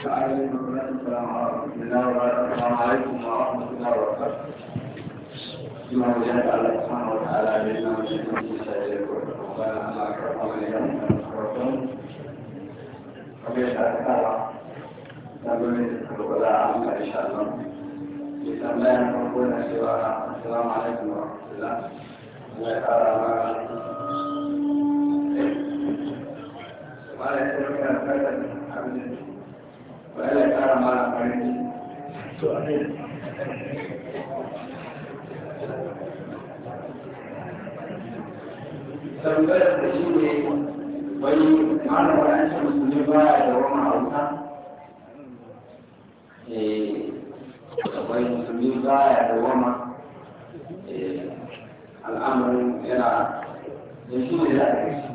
السلام عليكم ورحمة الله وبركاته. ثم وجدت على سبحانه وتعالى علينا وجدنا في سائر وقال أنا أكرم عليكم ورحمة وبيت أكثر تبني ولا أعمل إن شاء الله. بسم الله نقول السلام عليكم ورحمة الله. ba ya tsara mara farin to tambayar da shi ne wani mara farin musulmi ba ya da wani hausa eh, wani musulmi ba ya da wani eh, al'amarin yana da shi ne za a yi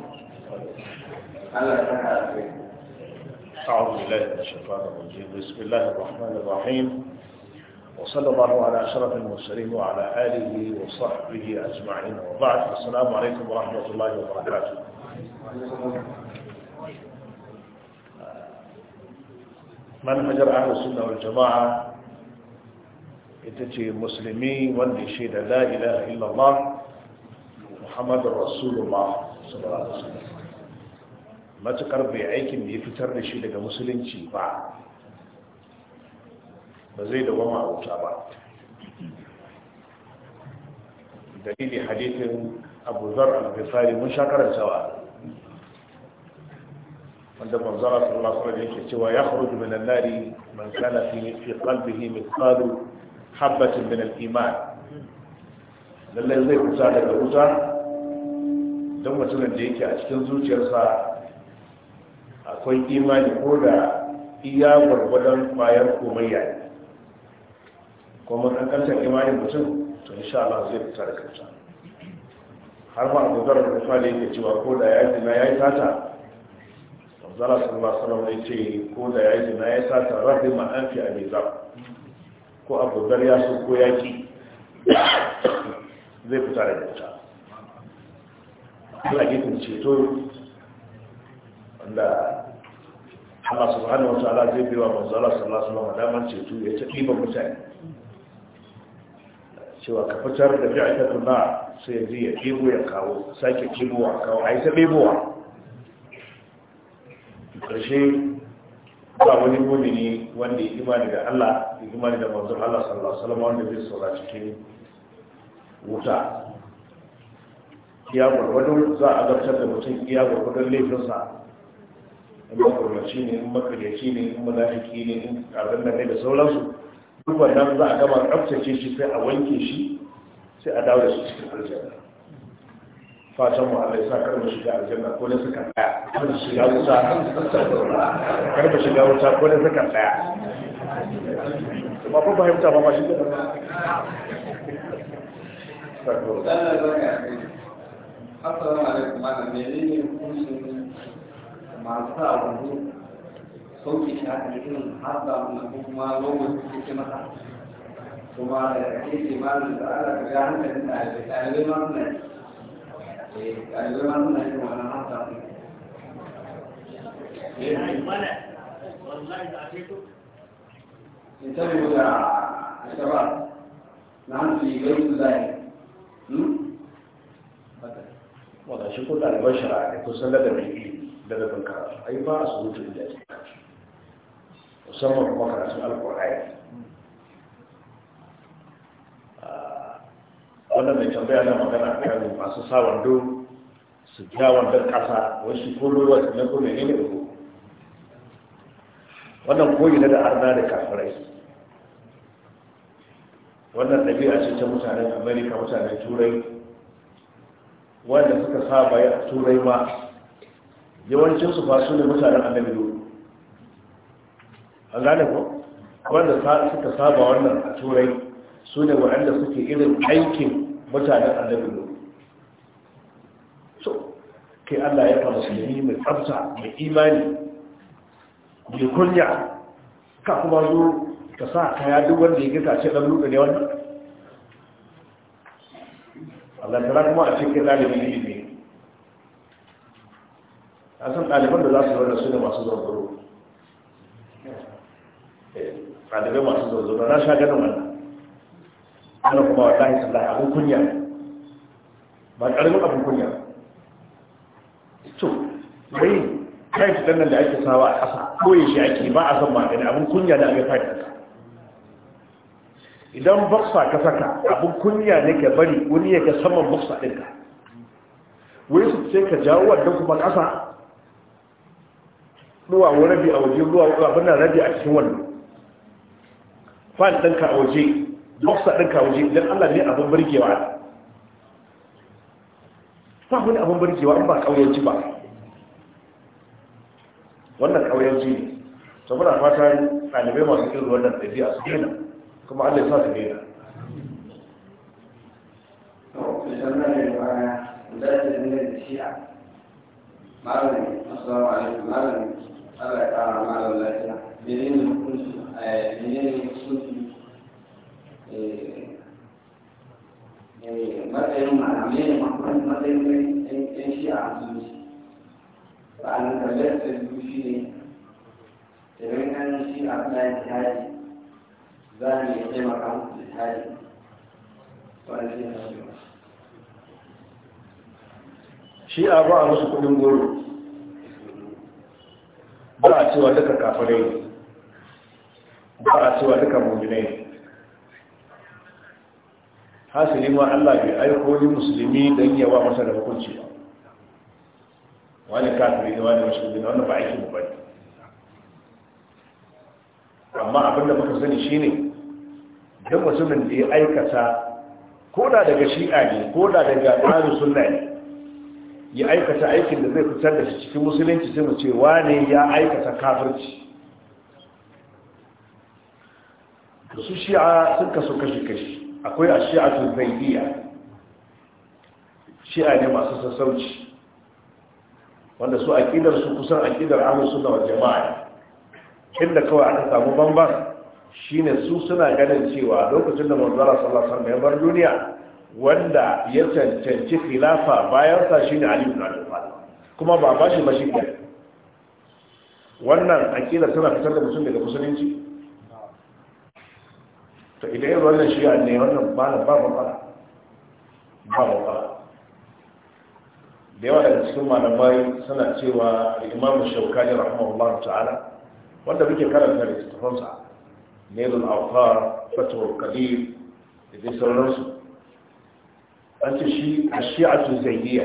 Allah ya saka a أعوذ بالله من الشيطان الرجيم بسم الله الرحمن الرحيم وصلى الله على أشرف المرسلين وعلى آله وصحبه أجمعين وبعد السلام عليكم ورحمة الله وبركاته منهج أهل السنة والجماعة يتجي مسلمي والنشيد لا إله إلا الله محمد رسول الله صلى الله عليه وسلم matuƙar bai aikin da ya fitar da shi daga musulunci ba ba zai da wama wuta ba dalili hadithin abu zar al-ghifari mun sha karantawa wanda manzara sallallahu alaihi yake cewa ya kharuju min an-nari man kana fi fi qalbihi mithqalu min al-iman lallai zai kusa daga wuta don mutumin da yake a cikin zuciyarsa akwai imani ko da iya gwargwadon bayan komai komayya kuma ɗan ƙarshen imanin mutum to insha Allah zai fita da kanta har ma gudar da da ne cewa ko da ya zina ya yi sata zala sallallahu alaihi wasallam da ce ko da ya zina ya yi sata rafi ma an fi abiza ko abokan ya so ko ya ki zai fita da kanta Allah ya ceto Allah Allah subhanahu wa ta'ala zai biwa manzo Allah sallallahu alaihi wasallam daman ceto ya ci ɗiban mutane cewa ka fitar da bi'atatu na sai yaji ya ɗibo ya kawo sake ɗibowa kawo ai ta ɗibowa ƙarshe ba wani mumini wanda ya imani da Allah ya imani da manzo Allah sallallahu alaihi wasallam wanda zai saura cikin wuta iya gwargwado za a zartar da mutum iya gwargwadon laifinsa makurwaci ne in makaryaci ne in munafiki ne in abin da kai da sauransu duk wannan za a gama tsaftace shi sai a wanke shi sai a dawo da su cikin aljanna fatan mu Allah ya sa kar mu shiga aljanna ko ne suka tsaya kar shiga wuta kar mu shiga wuta ko ne suka tsaya ba ba fahimta ba ma shi da Assalamu alaikum malam menene hukuncin masu sa wanzu sauki shi haka ne irin hasa na kuma lowar suke ce masa kuma da ke ce malin da ala ka ga hankalin ɗalibai ɗalibai ma suna yi ɗalibai ma suna yi wannan hasa ne. انتبهوا يا شباب نحن في بيت الله وضع شكر على البشرة يكون سنة بالإيمان daga kan karatu ai ba su surutu inda ake karatu musamman kuma karatun alkur'ani ah, wanda mai tambaya na magana kan masu sa wando su ja wandon kasa wasu kuma ruwa su kuma ko ne ne ko wannan koyi na da arna da kafirai wannan ɗabi'a ce ta mutanen amerika mutanen turai wanda suka saba ya turai ma yawancin su fasu ne mutanen annabi do an gane ko wanda suka saba wannan a turai su ne waɗanda suke irin aikin mutanen annabi do so kai allah ya fara musulmi mai tsafta mai imani mai kunya ka kuma zo ka sa kaya duk wanda ya gita ce ɗan luka ne wannan allah ta kuma a cikin ɗalibin ilimi a san ɗaliban da za su zauna su ne masu zanzaro eh, ɗalibai masu zanzaro na sha ganin wannan ana kuma wa ɗahi sun abin kunya ba ƙaramin abin kunya to dai kai shi ɗan nan da ake sawa a ƙasa koyi shi ake ba a san magani abin kunya da abin fadi idan boksa ka saka abin kunya ne ka bari wani ya ga saman boksa ɗinka wani su ce ka jawo wadda kuma ƙasa ruwa wa rabi a waje ruwa wa abin nan rabi a cikin wannan fa ɗinka a waje boxer ɗinka a waje idan allah ne abin birgewa ba wani abin birgewa in ba ƙauyenci ba wannan ƙauyenci ne to muna fata ɗalibai masu irin wannan ɗabi'a su daina kuma allah ya sa su daina Thank you. malami assalamu alaikum malami Allah ya ƙara malar lafiya menene hukunci eh, menene hukunci eh, eh, matsayin malamai ne matsayin ɗan shi a musulunci ba a nan kallar da shi ne an shi a tsayin jihadi za mu iya taimaka musu jihadi wani shi ne shi a ba a musu kuɗin goro ba a cewa duka kafirai ba a cewa duka ne. hasili ma Allah bai aiko ni musulmi don yawa masa da hukunci ba wani kafiri ne wani musulmi ne wani ba aiki mu ne. amma abinda muka sani shine duk mutumin da ya aikata ko da daga shi'a ne ko da daga tsarin sunna ne ya aikata aikin da zai fitar da shi cikin musulunci sai mu ce wane ya aikata kafirci da su shi'a sun kaso kashi-kashi akwai a zai iya shi'a ne masu sassauci wanda su aƙidar su kusan aƙidar ƙidar suna wa jama'a inda kawai aka samu bambam shine su suna ganin cewa lokacin da manzara sallasar mai bar duniya wanda ya cancanci khilafa bayan sa shine Ali ibn Abi Talib kuma ba ba shi ba shi wannan akida tana fitar da mutum daga musulunci to idan yin wannan shi ne wannan ba na ba ba ba ba da yawa daga cikin malamai suna cewa imamu shaukani rahimahullah ta'ala wanda muke karanta littattafansa nailul awfar fatul qadir da dai sauransu an ce shi a shi'atu zaidiya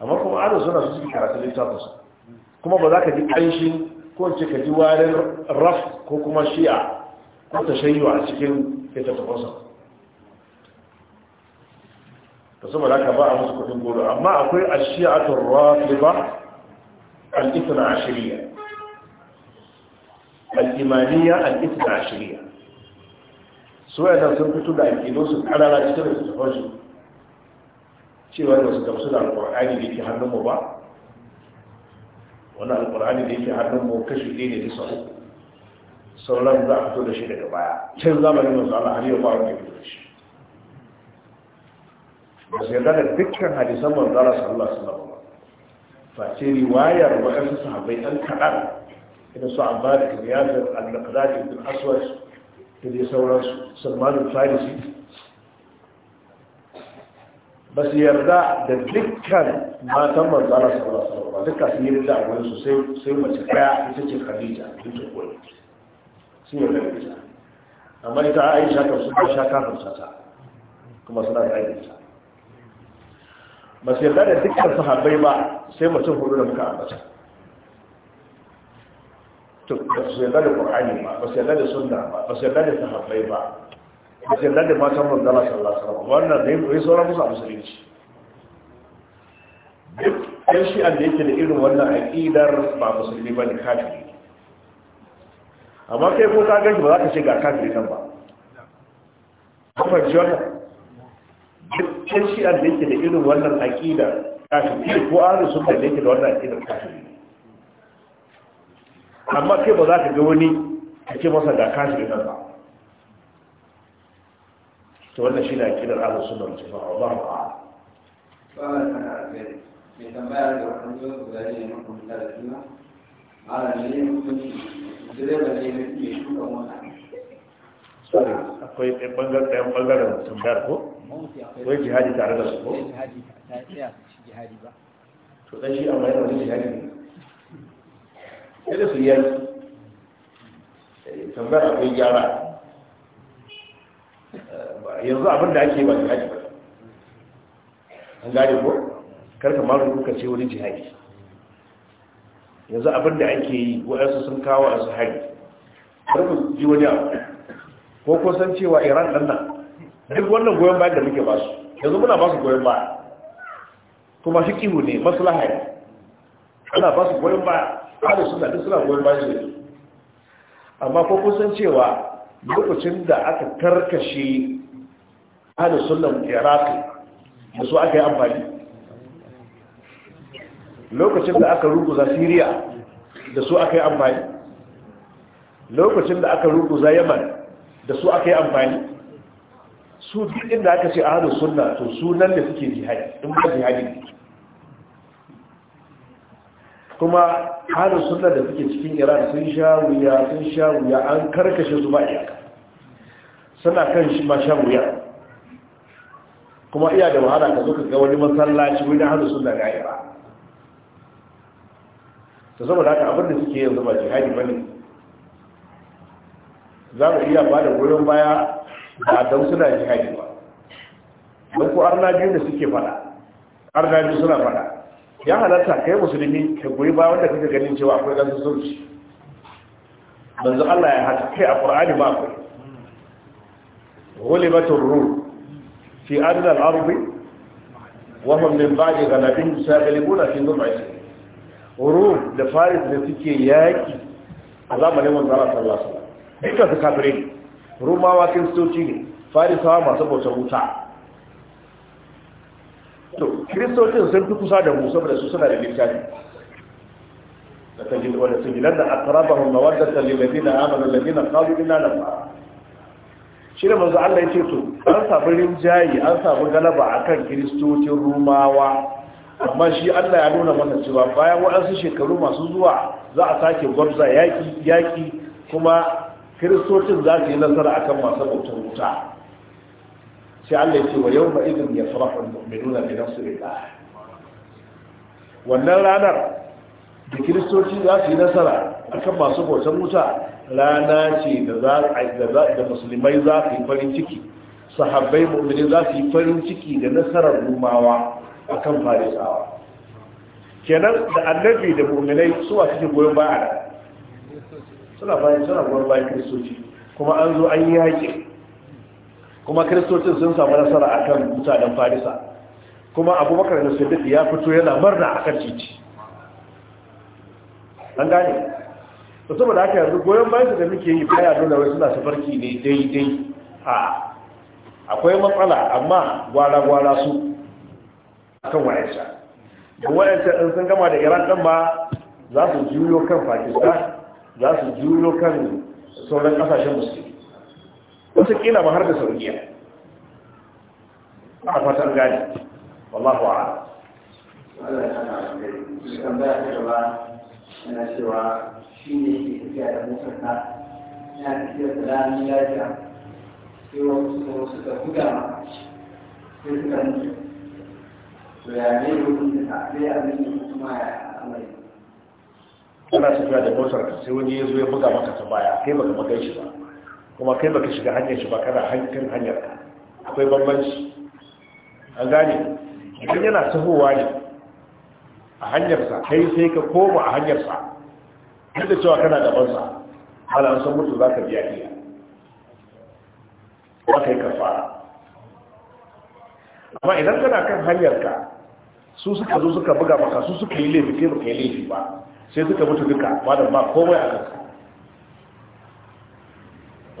amma kuma ana suna su suke karatu littafin kuma ba za ka ji ƙanshin ko ce ka ji warin raf ko kuma shi'a ko ta a cikin littattafansa ta saboda ka ba a musu kudin goro amma akwai a shi'atun rafiba al'itna ashiriya al'imaniya al'itna ashiriya su yana sun fito da aƙido su karara cikin littattafan su cewa da su gamsu da alƙur'ani da yake hannun mu ba Wani alƙur'ani da yake hannun mu kashi ɗaya ne bisa uku sauran za a fito da shi daga baya can zamanin masu ala har yau ba wanda ya fito da shi ba su yarda da dukkan hadisan manzara sallallahu alaihi wasallam face riwayar waɗansu sahabbai ɗan kaɗan Ina so su abba da kiyasar al-naqdati bin aswad da dai sauransu salmanin farisi ba su yarda da dukkan matan manzana sauransu ba dukkan su yi rida a su sai mace kaya ita ce khadija ita kuwa sun yarda da ita amma ita a aisha shakar su ba sha kafin sata kuma suna da ta ba su yarda da dukkan sahabbai ba sai mutum hudu da muka ambata to ba su da ƙwa'ani ba da ba da sahabbai ba da matan wannan ne ya saura musu a musulunci duk ɗan da yake da wannan aƙidar ba musulmi ba ne kafiri amma kai ko ka gashi ba za ka ce ga nan ba wannan ɗan da wannan aƙidar kafiri ko amma kai ba za ka ga wani a ce masa da kashi da ba ta wannan shi na kiran ala sunan jifa wa ba ba mai tambaya da wani ne direba ne mai shuka akwai ɗayan ɓangaren tambayar ko? wai jihadi tare da su ko? to ɗan shi amma yana wani jihadi ne sai su yi eh, tambayar akwai gyara eh, yanzu abin da ake ba jihadi ba an gane ko karka maru kuka ce wani jihadi yanzu abin da ake yi waɗansu sun kawo a su hari karku ji wani abu ko kusan cewa iran ɗan nan duk wannan goyon bayan da muke ba su yanzu muna ba su goyon baya kuma shi kihu ne maslaha ne ana ba su goyon baya ahlus suna duk suna goyon bayan shi amma ko kun san cewa lokacin da aka karkashe ahlus sunna iraqi da su aka yi amfani lokacin da aka ruguza syria da su aka yi amfani lokacin da aka ruguza yaman da su aka yi amfani su duk inda aka ce ahlus sunna to sunan da suke jihadi in ba jihadi kuma halin suna da suke cikin iran sun sha wuya sun sha wuya an karkashe su ba iyaka suna kan shi ma sha wuya kuma iya da wahala ka zo ka ga wani masallaci wani halin suna da ya ta saboda haka abinda suke yanzu ba jihadi ba ne za mu iya ba da wurin baya ba don suna jihadi ba don ko arna biyu da suke fada arna biyu suna fada ya halatta kai musulmi ka goyi ba wanda kake ganin cewa akwai gansu zuci manzo Allah ya haka kai a Qur'ani ba akwai ghulibatur rum fi adna al-ardi wa hum min ba'di ghalabin saghlibuna fi dhulmati rum da faris da suke yaki a zamanin manzo Allah sallallahu alaihi wasallam duka su kafire rumawa kristoci ne farisawa masu bautar wuta to kiristocin sun fi kusa da mu saboda su suna da littafi da لتجد ولتجدن أقربهم مودة للذين na الذين قالوا إنا نفعل shi da manzo Allah ya ce to an samu rinjaye, an samu galaba akan kiristocin rumawa amma shi Allah ya nuna masa cewa bayan waɗansu shekaru masu zuwa za a sake gwabza yaki yaki kuma kiristocin za su yi nasara akan masu bautar wuta sai Allah ya ce wa yau yawma idin yafrahu almu'minuna bi nasrillah wannan ranar da kiristoci za su yi nasara a kan masu bautan wuta rana ce da musulmai za su yi farin ciki sahabbai mu'mini za su yi farin ciki da nasarar rumawa kan farisawa kenan da annabi da mu'minai su a cikin goyon baya suna bayan suna goyon bayan kiristoci kuma an zo an yi yaƙi kuma kristocin sun samu nasara a kan mutanen farisa kuma abubakar da su ya fito yana murna a kan titi an gane da saboda aka yanzu goyon bayan da muke yi baya nuna wai suna safarki ne daidai a akwai matsala amma gwara-gwara su kan wa'ansa da wa'ansa ɗin sun gama da iran ɗan ba za su juyo kan pakistan za su juyo kan sauran ƙasashen musulmi wasu kila ba har da saudiya a fatan gani wallahu a'ala Allah ya sana da tambaya ta gaba yana cewa shi ne ke tafiya da motarsa yana tafiya da ranar lafiya sai wasu da wasu da buga ma sai suka mutu to ya ne rukun da ta sai a nan kuma ya amai ana tafiya da motarka sai wani ya zo ya buga maka ta baya kai baka magan shi ba kuma kai baka shiga hanyar shi ba kana hankin hanyar ka akwai bambanci an gane idan yana sahowa ne a hanyarsa kai sai ka koma a hanyarsa duk da cewa kana gabansa hala an san mutu za ka biya iya ba kai ka fara amma idan kana kan hanyarka su suka zo suka buga maka su suka yi laifi kai baka yi laifi ba sai suka mutu duka ba da ba komai a kanka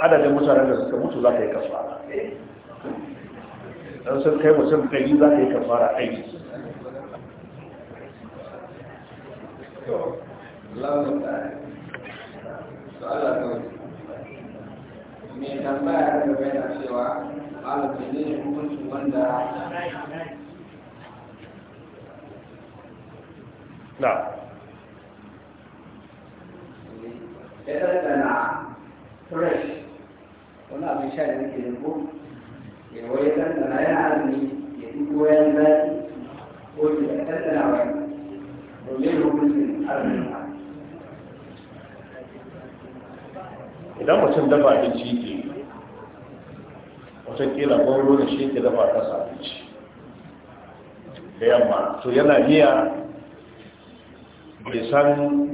adadin mutanen da suka mutu za ka yi kafara don sun kai mutum ɗari za ka yi kafara aiki da ya na fresh wani abin sha da nake idan mutum dafa abinci ke watakila gwamnati da shi ke dafa kasa abinci da yamma to yana miya bai san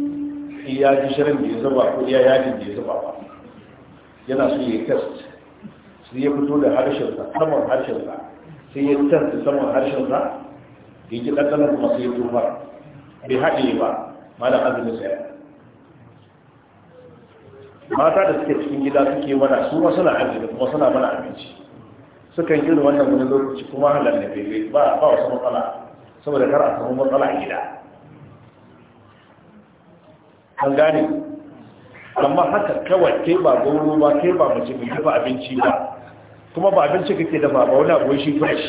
iya gishirin da ya zaba ko iya yajin da ya zuba ba yana so ya test sai ya fito da harshensa saman harshensa sai ya test saman harshensa ya ji ɗanɗanar kuma sai ya tofar bai haɗe ba malam azumin sayar. mata da suke cikin gida suke mana su ma suna arziki kuma suna mana abinci sukan yi wannan wani lokaci kuma halar da bebe ba ba wasu matsala saboda kar a samu matsala a gida an gane amma haka kawai kai ba gauro ba kai ba mace mai dafa abinci ba kuma ba abinci kake dafa ba wani abu shi fresh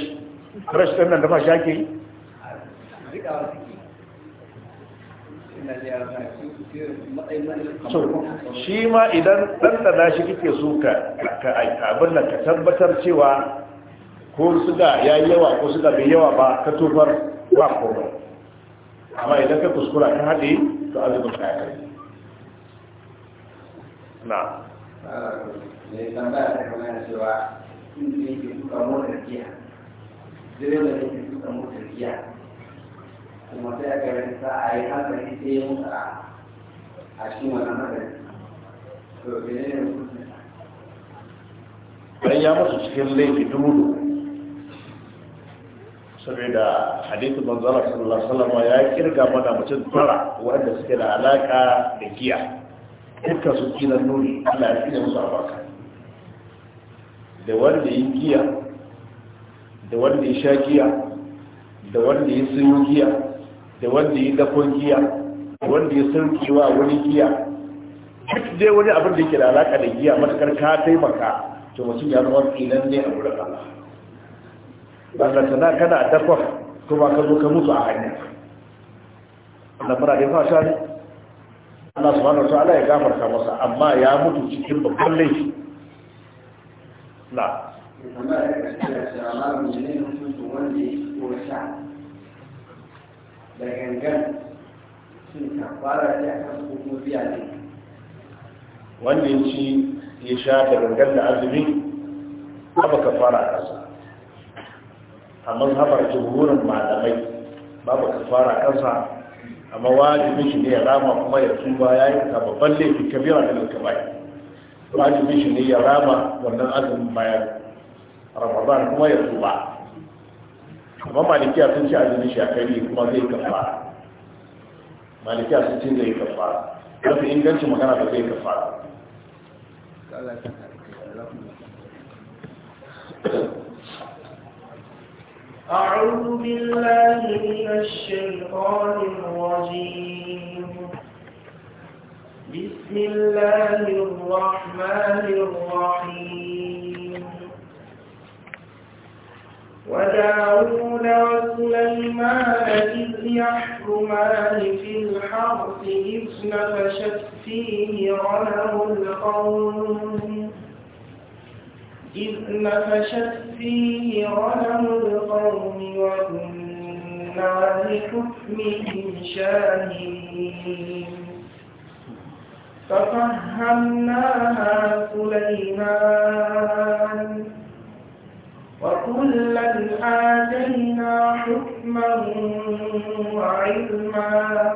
fresh ɗan nan dafa shi ake yi so shi ma idan ɗanɗana shi kike so ka abin da ka tabbatar cewa ko suga ya yi yawa ko suga bai yawa ba ka tofar ba komai amma idan ka kuskura ka haɗe to azumin ka ya na eh, ne giya giya kuma sai aka yi hankali ya mutu a cikin ne ya mutu cikin laifi dubu saboda hadithu manzala sallallahu alaihi wasallam ya kirga mana mutum tara wanda suke da alaka da giya dukkan su kilan nuni Allah ya tsine musu abaka da wanda ya giya da wanda ya sha giya da wanda ya sun giya da wanda ya dafon giya da wanda ya kiwa wani giya duk dai wani abin da ke da alaka da giya matakar ka taimaka to mutum ya zama filan ne a wurin Allah ba ka sana kana dafa kuma ka zo ka mutu a hanya na fara da fasha ne Allah subhanahu wataala ya gafarta masa amma ya mutu cikin babban laifi na da gangan sun da wanda ya ci ya sha da gangan da azumi ba kafara a ƙasa amma haɓar jihurin malamai babu kafara a ƙasa amma wajibin shi ne ya rama kuma ya tuba ya yi ta babban laifin kabira da bai wajibin shi ne ya rama wannan azumin bayan ramadan kuma ya tuba amma malikiya sun ce azumin shi a kai kuma zai kafa malikiya sun ce zai kafa kafin ingancin magana da zai kafa Thank you. أعوذ بالله من الشيطان الرجيم بسم الله الرحمن الرحيم وداعون وسليمان إذ يحكمان في الحرث إذ نفشت فيه غنم القوم إذ نفشت فيه غنم القوم وكنا لحكمهم شاهدين ففهمناها سليمان وكلا آتينا حكما وعلما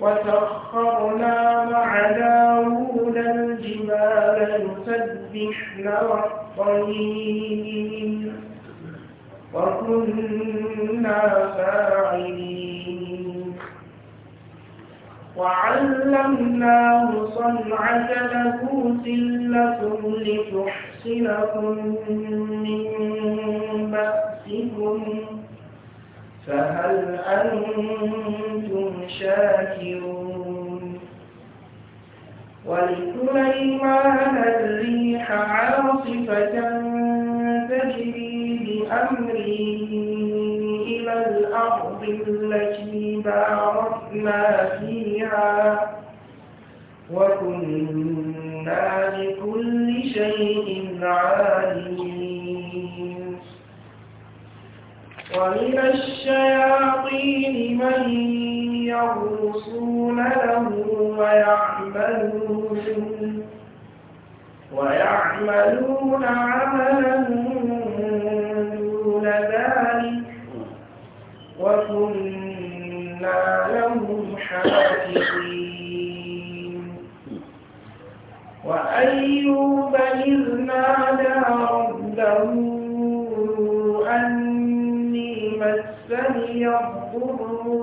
وسخرنا مع داود لنسبحن والطير وكنا فاعلين وعلمناه صنعة لبوس لكم لتحصنكم من بأسكم فهل أنتم شاكرون ولسليمان الريح عاصفة تجري بأمره إلى الأرض التي باركنا فيها وكنا بكل شيء عالمين ومن الشياطين من يغوصون له ويعملون ويعملون عملا دون ذلك وكنا لهم حافظين وأيوب إذ نادى ربه مسني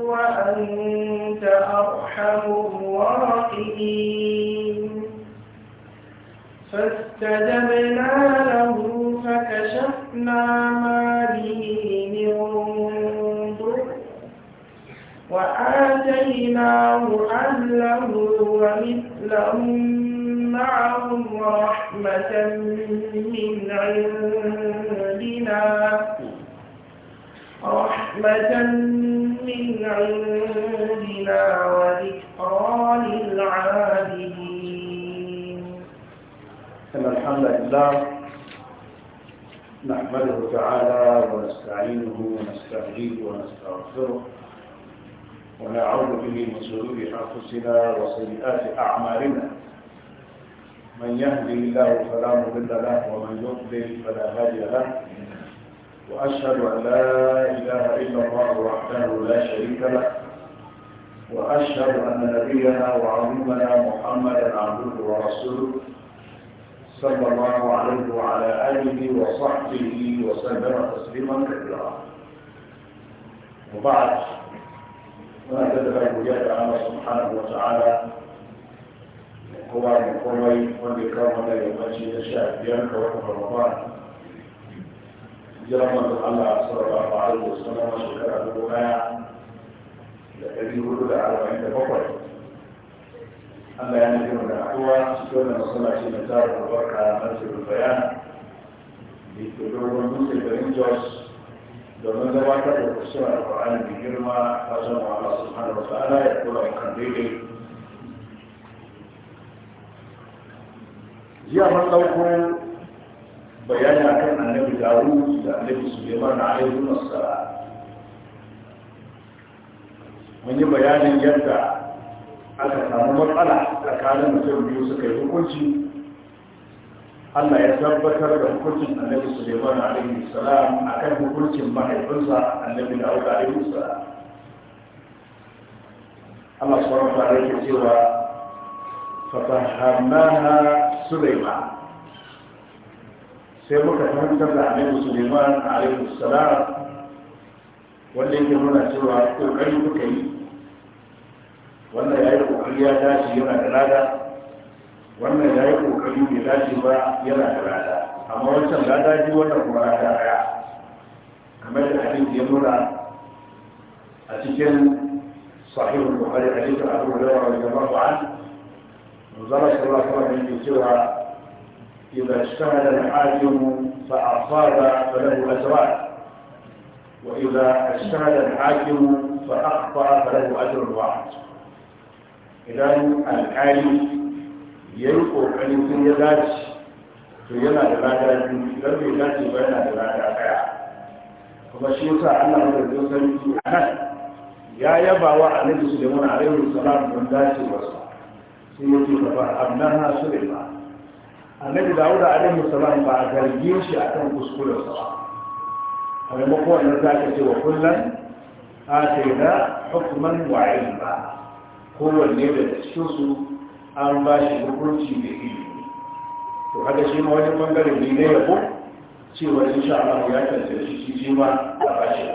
وأنت أرحم الراحمين فاستجبنا له فكشفنا ما به من ضر وآتيناه أهله ومثلهم معهم رحمة من عند رحمة من عندنا وذكرى للعابدين إن الحمد لله نحمده تعالى ونستعينه ونستهديه ونستغفره ونعوذ به من شرور انفسنا وسيئات اعمالنا من يهدي الله فلا مضل له ومن يضلل فلا هادي له وأشهد أن لا إله إلا الله وحده لا شريك له وأشهد أن نبينا وعظيمنا محمدا عبده ورسوله صلى الله عليه وعلى آله وصحبه وسلم تسليما كثيرا وبعد ونتدبر بجد الله سبحانه وتعالى من da komai ومن ya kawo mana yammaci na sha biyar hijiran manzon Allah sallallahu alaihi wasallam shekara dubu daya da ɗari hudu da arba'in da bakwai Allah ya nufi da haɗuwa cikin wannan masallaci na tarin albarka na cikin bayan da ke dogon dutse garin Jos domin gabatar da kusurin alƙur'ani mai girma ta zama Allah subhanahu wa ta'ala ya kula a kan daidai jiya mun ɗauko bayani akan annabi daru da annabi suleiman alaihi wassalam mun yi bayanin yadda aka samu matsala tsakanin mutum biyu suka yi hukunci Allah ya tabbatar da hukuncin annabi Suleiman alaihi salam akan hukuncin mahaifinsa annabi da alaihi salam Allah subhanahu wa ta'ala yake cewa fa fahammaha Suleiman sai muka fahimtar da annabi suleiman alaihi salam wanda yake nuna cewa kokari kuka yi wanda ya yi kokari ya dace yana da lada wanda ya yi kokari bai dace ba yana da lada amma wancan lada ji wannan kuma lada daya kamar da abin da ya nuna a cikin sahihul bukhari hadith abu hurairah radiyallahu anhu zama sallallahu alaihi wasallam yake cewa إذا اجتهد الحاكم فأصاب فله أجران وإذا اجتهد الحاكم فأخطأ فله أجر واحد إذا الآلي عن علم في يوم العبادة لم يدات بين العبادة kuma shi yasa Allah ya rubuta sarki anan ya yaba wa Annabi Sulaiman alaihi salam don dace wasa sai yake fa annabi dawud alaihi salam ba a zargin shi akan kuskuren sa a maimakon za ka ce wa kullum da hukuman wa ba, kowanne da cikin su an ba shi hukunci da ilimi to haka shi ma wani bangare ne na yabo cewa insha Allah ya tantance shi shi ma a bashi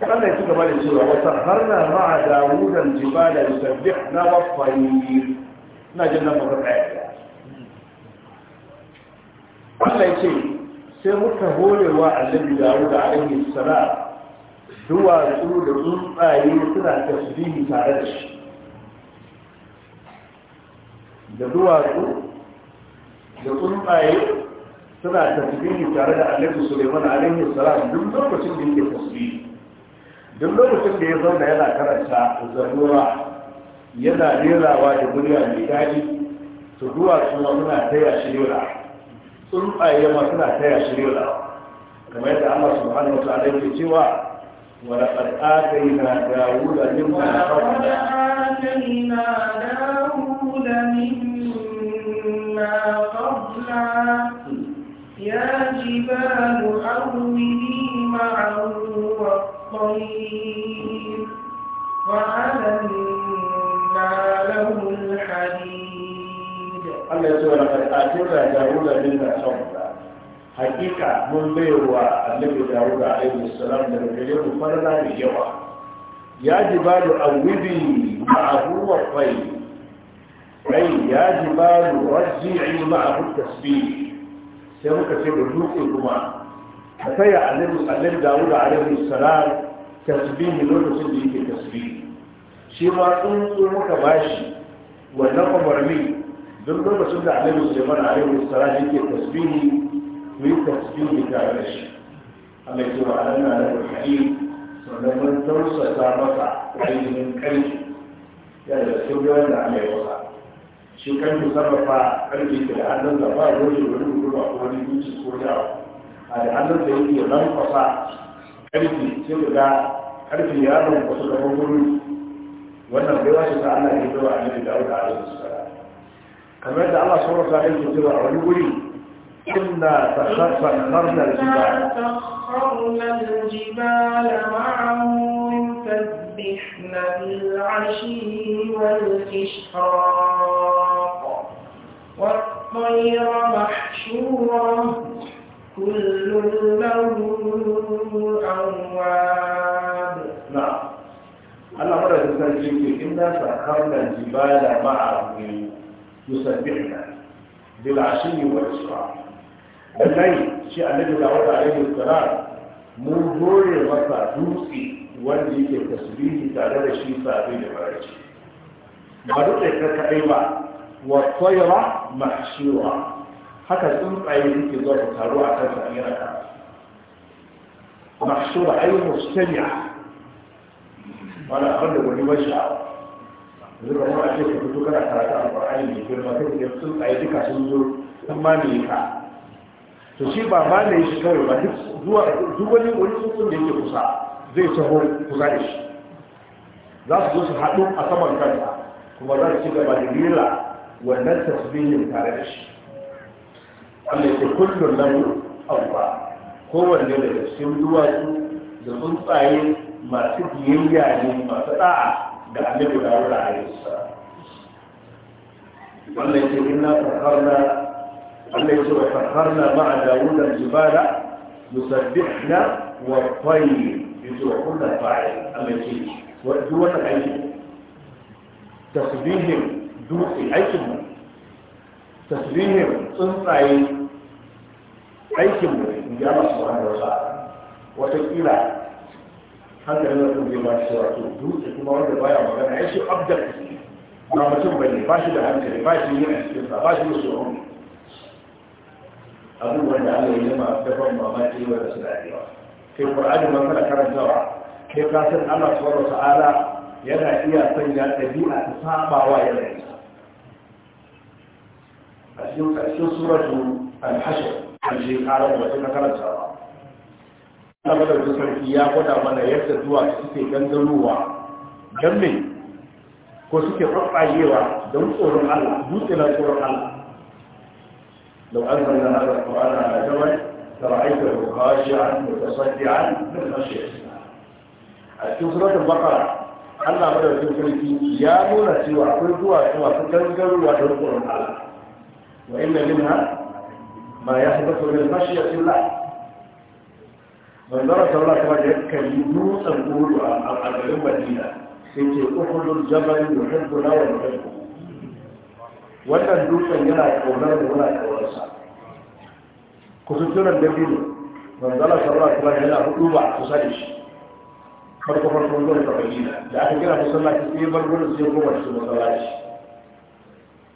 Allah ya ci gaba da cewa har na ma'a dawudan jibala da wa fayir na jannan mu ka tsaya Allah ce sai muka horewa annabi Dawud alaihi salam duwatsu da tsuntsaye suna tasbihi tare da shi da duwatsu da tsuntsaye suna tasbihi tare da annabi Sulaiman alaihi salam duk lokacin da yake tasbihi duk lokacin da ya zauna yana karanta zarura yana rerawa da murya mai daɗi to duwatsu suna taya shi rera tsuntsaye ma suna taya shi yola kamar yadda Allah subhanahu wa ta'ala yake cewa wa laqad atayna dawuda minna fadla atayna dawuda ya wa طيب Allah ya ce da laqad atina da minna sabra hakika mun baiwa annabi dawud alaihi salam da gare mu farla da yawa ya jibalu awibi a wa fai ai ya jibalu ma ma'ahu tasbih sai muka ce da dutse kuma ka taya annabi annabi dawud alaihi salam tasbih lokacin da yake tasbih shi ma tsuntsu muka bashi wannan umarni duk lokacin da annabi Sulaiman alaihi salam yake tasbihi to yi tasbihi tare da shi Allah ya ce wa alana da rahim sannan mun tausasa masa ainihin karfi ya da cikin yawan da Allah ya wasa shi kan yi sarrafa karfi da hannun da ba ruwa wani kuma ko wani duci ko yawa a da hannun da yake lankwasa karfi sai ga karfi ya lankwasa da wannan bai wa ta Allah ya yi zuwa annabi da Allah كما يدعى الله سبحانه وتعالى يقول كنا سخرنا الجبال سخرنا الجبال معه تذبحنا بالعشي والإشراق والطير محشورة كل له أواب نعم أنا مرة لك إنا سخرنا الجبال معه يسبحنا بالعشي والإشراق الليل الشيء الذي لا وضع عليه القرار مجرد وقت دوسي وجهي في تسبيح تعالى الشيء صعبين ورجي مرد لك أيضا والطيرة محشورة حتى تنقع يديك ضعف تروع كيف أميرك محشورة أي مستمع ولا أقل ولي وجهه yanzu kamar a ce ka fito kana karatu alƙur'ani mai girma kai da sun tsaye duka sun zo sun mamaye ka to shi ba ma mamaye shi kawai ba duk zuwa duk wani wani tsuntsun da yake kusa zai taho kusa da shi za su zo su haɗu a saman kanta kuma za su ci gaba da rera wannan tasbihin tare da shi Allah ya kullum lahu awwa kowanne daga cikin duwatsu da tsuntsaye masu biyayya ne masu da'a da annabi da Allah a yi sa wannan ce inna fakarna Allah ya ce wa fakarna ma'a dawuda jibala musabbihna wa tayyib yace wa kullu fa'il Allah ya ce wa duk wannan aiki tasbihin dutse aikin mu tasbihin tsuntsaye aikin mu in ji Allah wata kila حتى أنا أقول لي باش سرعة الدوس يكون مرة ضايع مرة أنا عايشي أبدأ ما بتم بني باش بهم كذي باش مين أستمتع باش مسوهم أبو وين على إنما أتفهم ما ما تيجي ولا سلعتي في القرآن ما فلا كرم زرع في قصة الله سبحانه وتعالى ينا إياه تنجا تبيع تصابع ويلا أشيو أشيو سورة الحشر الجيل على وجهنا كرم زرع saboda da sarki ya gwada mana yadda zuwa suke gangarowa don me ko suke kwakwayewa don tsoron Allah dutse na tsoron Allah لو أنزلنا هذا القرآن على جبل لرأيته da متصدعا da خشية A cikin سورة البقرة Allah madaukin sarki ya nuna cewa akwai duwatsu su gangarwa da tsoron Allah wa inna minha ma ya haɗa min khashyatillah manzara saura kuma da ka yi dutsen gudu a garin madina sai ce jamani da yuhibbu na wani yuhibbu wannan dutsen yana ƙaunar da wani kaunarsa ku da biyu manzara sallah kuma yana hudu ba kusa da shi farko farkon zuwa da madina da aka kira na sai yi gurin zai kuma su masallaci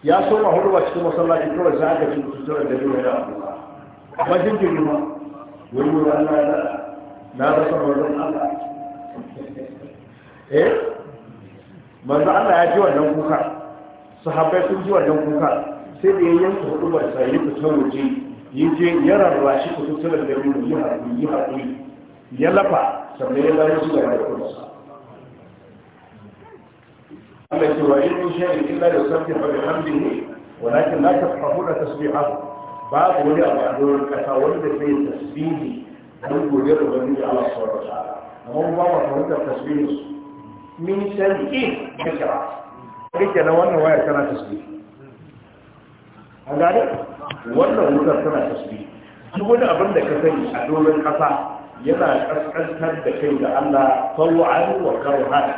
ya ma hudu ba cikin masallaci kawai sai aka ci suturan da biyu yana hudu ba amma jirgin ruwa wani da Allah ya na rasa wurin Allah eh manzo Allah ya ji wannan kuka sahabbai sun ji wannan kuka sai da yayin su hudu ba sai ku tauje yaje ya rarra shi ku tsara da mu yi hakuri yi hakuri ya lafa sannan ya lafi su da kuma Allah ya ce wa in shay'in illa da yusabbihu bihamdihi walakin la tafqahuna tasbihahu babu wani abu a doron kasa wanda zai tasbihi don gobe da wani da Allah da sa amma ba wata fahimtar tasbihin su min shar'i da kira ke na wannan waya tana tasbihi a gane wannan wutar tana tasbihi duk wani abin da ka sani a doron kasa yana kaskantar da kai da Allah tawwa'an wa karhan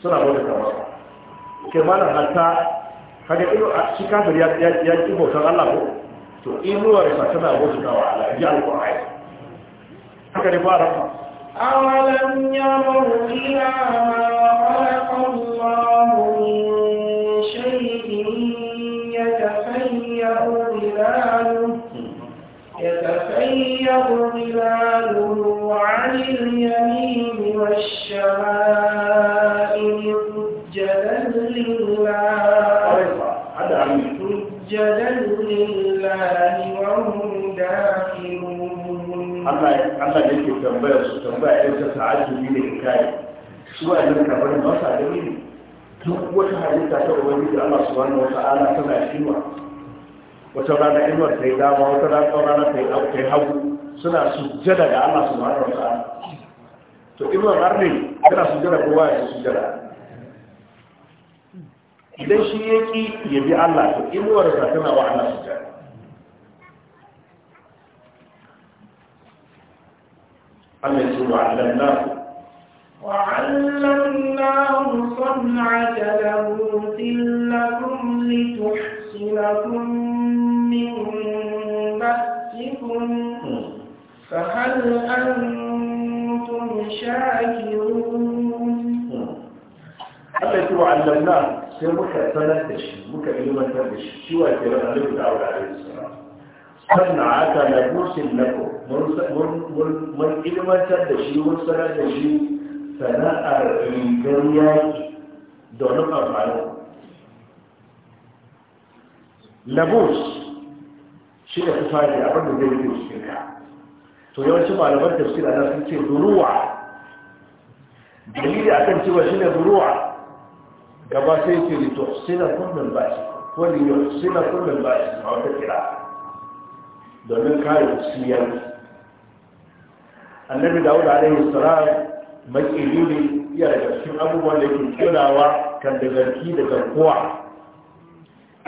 suna wani kamar kemanin hatta kaga ido a shi kafir ya ya ki bautar Allah ko to inuwar sa tana bautawa Allah ji alqur'ani haka ne ba rafa awalam yaru ila ma khalaqa Allah min ظلاله عن اليمين والشمال سجدا لله وهم داخلون الله الله yake tambaya su tambaya ɗin ta sa'adu ne da kai su ba nan kamar masa da ne duk wata halitta ta ubangiji Allah subhanahu wata'ala tana shiwa wata rana inuwar ta yi dama wata rana ta yi hagu suna sujjada ga Allah subhanahu wata'ala to inuwar har ne tana sujjada kowa ya sujjada idan shi ya ƙi ya bi Allah to inuwarsa tana wa Allah su jari Allah ya ce wa Allah وعلمناه صنعة لبوت لكم لتحسنكم من بأسكم فهل أنتم شاكرون؟ التي وعلمناه sai muka sanar da shi muka ilmantar da shi shi wa ke wani alaihi da aure alaihi salam sannan aka na busin lako mun ilmantar da shi mun sanar da shi sana'ar rigar yaki da wani amfani labus shi da tufafi abin da zai yi cikin ka to yawancin malaman tafsir ana sun ce duruwa dalili akan cewa shi ne duruwa gaba sai ke li tuhsina kullum shi, ko li yuhsina kullum shi, a wata kira domin kare siyar annabi dawud alaihi salam makili ne iya daga cikin abubuwan da ke kirawa kan da zarki da garkuwa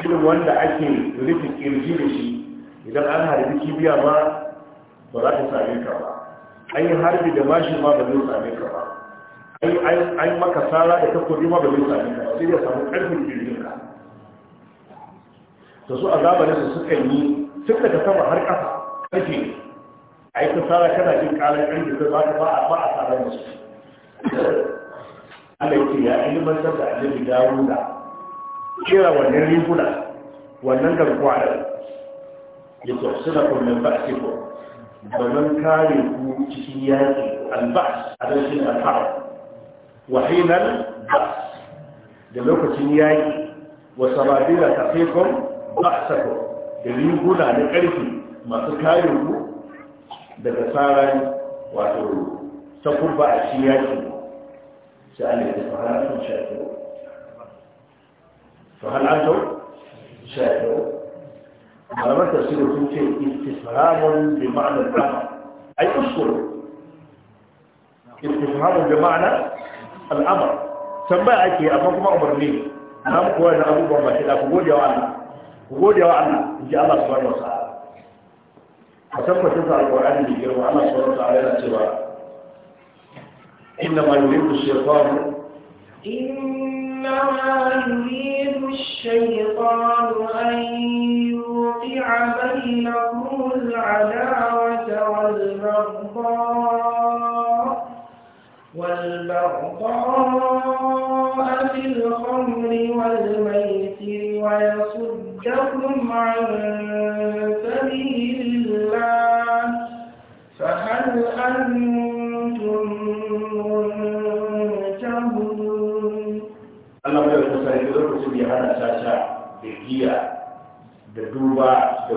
irin wanda ake rufe kirji da shi idan an harbi kibiya ma ba za ta same ka ba an yi harbi da mashi ma ba zai same ka ba an maka tsara da takobi ma ba zai ne ka sai ya samu ƙarfin jirgin ka da su a zamanin su suka yi suka ta sama har ƙasa ƙarfi a yi ta tsara kana jin ƙarar ƙarfi ta zaka ba a ba a tsara da su Allah ya ce ya ilimantar da annabi Dawuda kira wannan riguna wannan garkuwa da ya ce suna kullum ba su ko domin kare ku cikin yaƙi albas a rashin alfahar وحين البحث دلوك تنياي وصبابين تقيكم بحثكم دلين عن لقرف ما تكايوه دلسارا وعطروا تقربا عشياتي سألت فهل أنتم شاكروا فهل أنتم شاكروا ما تصير تنتي استفهام بمعنى الأمر أي أشكر استفهام بمعنى al'amar tambaya ake amma kuma umarni na kuwa da abubuwan ba da ku gode wa Allah ku gode wa Allah in ji Allah subhanahu wa ta'ala a tabbacin sa alqur'ani da girma Allah subhanahu wa ta'ala yana cewa inna ma yuridu shaytanu inna ma yuridu shaytanu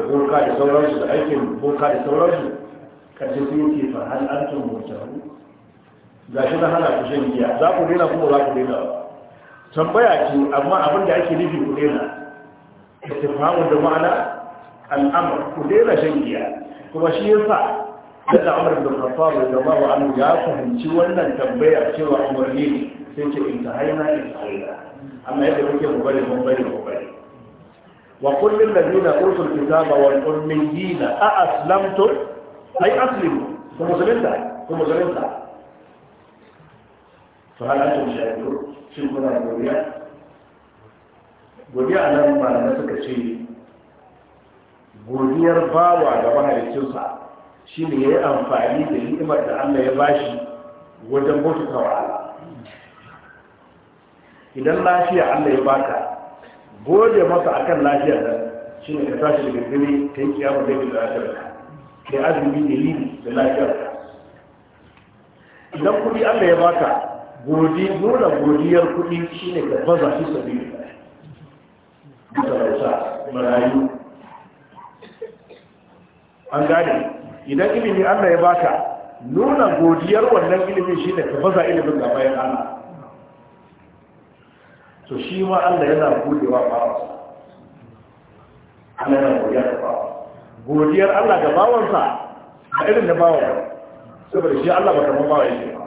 boka da sauransu da aikin boka da sauransu karshe sun ce fa hal antum mutahu shi na hana ku shan giya za ku daina kuma za ku daina tambaya ce amma abin da ake nufi ku daina istifhamu da ma'ana al'amr ku daina shan giya kuma shi ya sa yasa da Umar bin Khattab radiyallahu anhu ya fahimci wannan tambaya cewa umarni ne sai ce in ta haina in ta haina amma yadda muke mu bari mun bari mu bari وقل للذين اوتوا الكتاب والأميين ااسلمتم اي اسلموا ثم سلمت ثم سلمت فهل انتم شاهدون شكرا لله godiya a nan na suka ce godiyar bawa da mahaifinsa shi ne ya yi amfani da ni'imar da Allah ya bashi wajen mutu ta idan lafiya Allah ya baka goje masa akan lafiya da shi ne ka tashi daga gani ta yi kiyama da yi lafiyar ka ke azumi da yi da lafiyar ka idan kuɗi allah ya baka godi nuna godiyar kuɗi shi ne ka baza shi sabi da sarauta marayu an gane idan ilimi allah ya baka nuna godiyar wannan ilimin shi ne ka baza ilimin ga bayan ana. to shi ma Allah yana godewa bawansa Allah yana godiya ga bawansa godiyar Allah ga bawansa a irin da bawan saboda shi Allah ba kamar bawan yake ba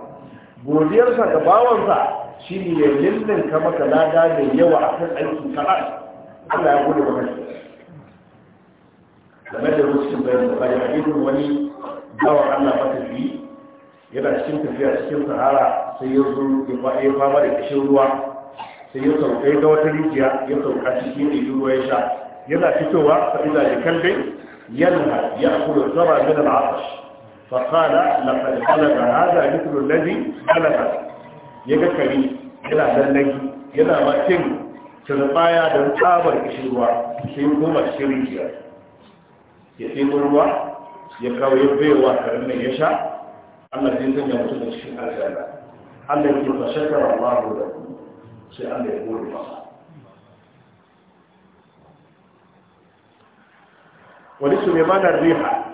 godiyarsa ga bawansa shi ne ya lillin ka maka lada mai yawa a kan aiki kaɗan Allah ya gode maka shi game da rukun bayan da bayan hadisin wani bawan Allah matafi yana cikin tafiya cikin sahara sai ya zo ya fama da kishin ruwa sai ya sauka ga wata rijiya ya sauka cikin ido ruwa ya sha yana fitowa fa idza bi kalbi yanha ya'kulu thara min al-'atash fa qala laqad halaka hadha mithlu alladhi Ya ga kari yana dallagi yana ma cin turbaya don tsabar kishin ruwa sai kuma cikin rijiya ya sai ruwa ya kawo ya baiwa karin nan ya sha Allah zai sanya mutum da cikin aljanna Allah ya ke fa shakara Allah da kuma ولسليمان الريح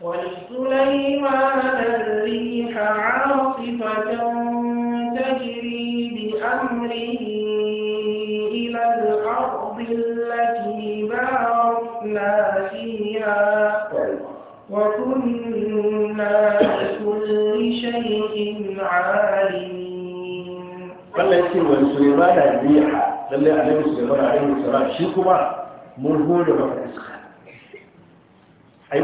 ولسليمان الريح عاصفة تجري بأمره إلى الأرض التي باركنا فيها طيب. وكنا بكل شيء عالمين Allah ya ce wa Sulaiman da riha lalle annabi Sulaiman alaihi salam shi kuma mun hore maka iska ai